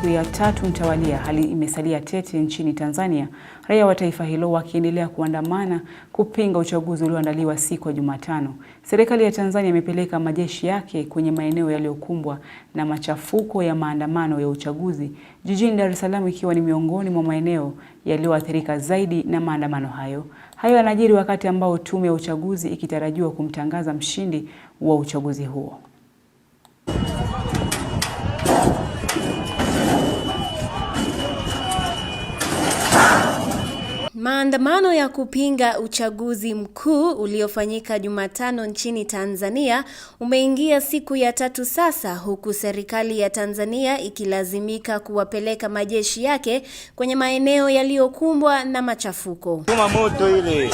siku ya tatu mtawalia, hali imesalia tete nchini Tanzania, raia wa taifa hilo wakiendelea kuandamana kupinga uchaguzi ulioandaliwa siku ya Jumatano. Serikali ya Tanzania imepeleka majeshi yake kwenye maeneo yaliyokumbwa na machafuko ya maandamano ya uchaguzi, jijini Dar es Salaam ikiwa ni miongoni mwa maeneo yaliyoathirika zaidi na maandamano hayo. Hayo yanajiri wakati ambao tume ya uchaguzi ikitarajiwa kumtangaza mshindi wa uchaguzi huo. Maandamano ya kupinga uchaguzi mkuu uliofanyika Jumatano nchini Tanzania umeingia siku ya tatu sasa huku serikali ya Tanzania ikilazimika kuwapeleka majeshi yake kwenye maeneo yaliyokumbwa na machafuko. moto ile.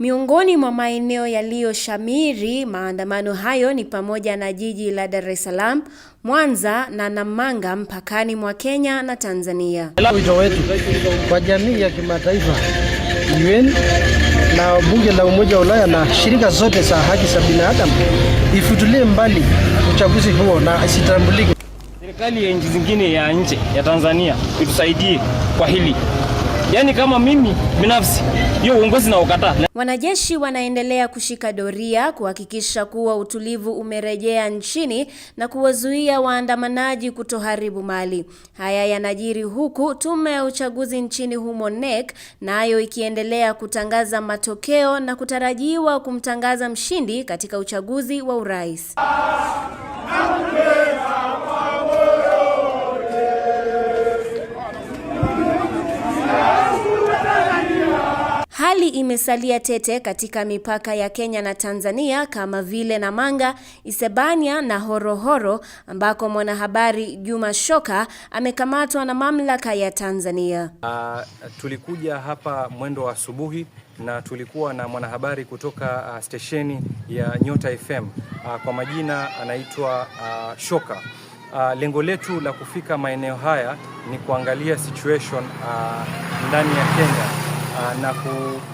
Miongoni mwa maeneo yaliyoshamiri maandamano hayo ni pamoja na jiji la Dar es Salaam, Mwanza na Namanga mpakani mwa Kenya na Tanzania. Wito wetu kwa jamii ya kimataifa, UN na bunge la Umoja wa Ulaya na shirika zote za haki za binadamu ifutulie mbali uchaguzi huo na isitambulike. Serikali ya nchi zingine ya nje ya Tanzania itusaidie kwa hili. Yaani kama mimi binafsi hiyo uongozi na ukataa. Wanajeshi wanaendelea kushika doria kuhakikisha kuwa utulivu umerejea nchini na kuwazuia waandamanaji kutoharibu mali. Haya yanajiri huku tume ya uchaguzi nchini humo NEC nayo na ikiendelea kutangaza matokeo na kutarajiwa kumtangaza mshindi katika uchaguzi wa urais. Hali imesalia tete katika mipaka ya Kenya na Tanzania kama vile Namanga, Isebania na Horohoro ambako mwanahabari Juma Shoka amekamatwa na mamlaka ya Tanzania. Uh, tulikuja hapa mwendo wa asubuhi na tulikuwa na mwanahabari kutoka uh, stesheni ya Nyota FM uh, ah, kwa majina anaitwa uh, Shoka. Uh, lengo letu la kufika maeneo haya ni kuangalia situation uh, ndani ya Kenya Ah, na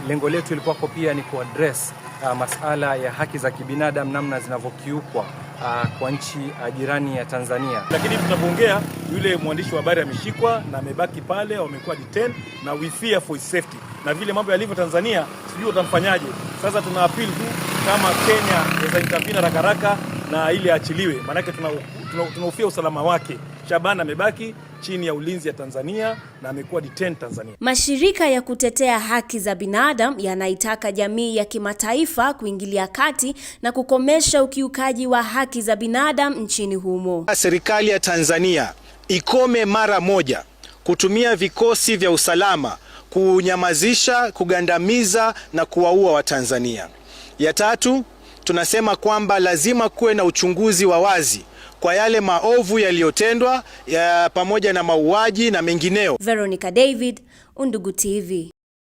lengo letu ilikuwako pia ni kuaddress ah, masala ya haki za kibinadamu namna zinavyokiukwa ah, kwa nchi jirani ya Tanzania. Lakini tunapoongea yule mwandishi wa habari ameshikwa na amebaki pale, wamekuwa detained na we fear for his safety, na vile mambo yalivyo Tanzania sijui watamfanyaje. Sasa tuna appeal tu kama Kenya inaweza intervene haraka haraka na ili aachiliwe, maanake tunahofia tuna, tuna usalama wake. Shaban amebaki chini ya ulinzi ya Tanzania na amekuwa detained Tanzania. Mashirika ya kutetea haki za binadamu yanaitaka jamii ya kimataifa kuingilia kati na kukomesha ukiukaji wa haki za binadamu nchini humo. Serikali ya Tanzania ikome mara moja kutumia vikosi vya usalama kunyamazisha, kugandamiza na kuwaua Watanzania. Ya tatu, tunasema kwamba lazima kuwe na uchunguzi wa wazi kwa yale maovu yaliyotendwa ya pamoja na mauaji na mengineo. Veronica David, Undugu TV.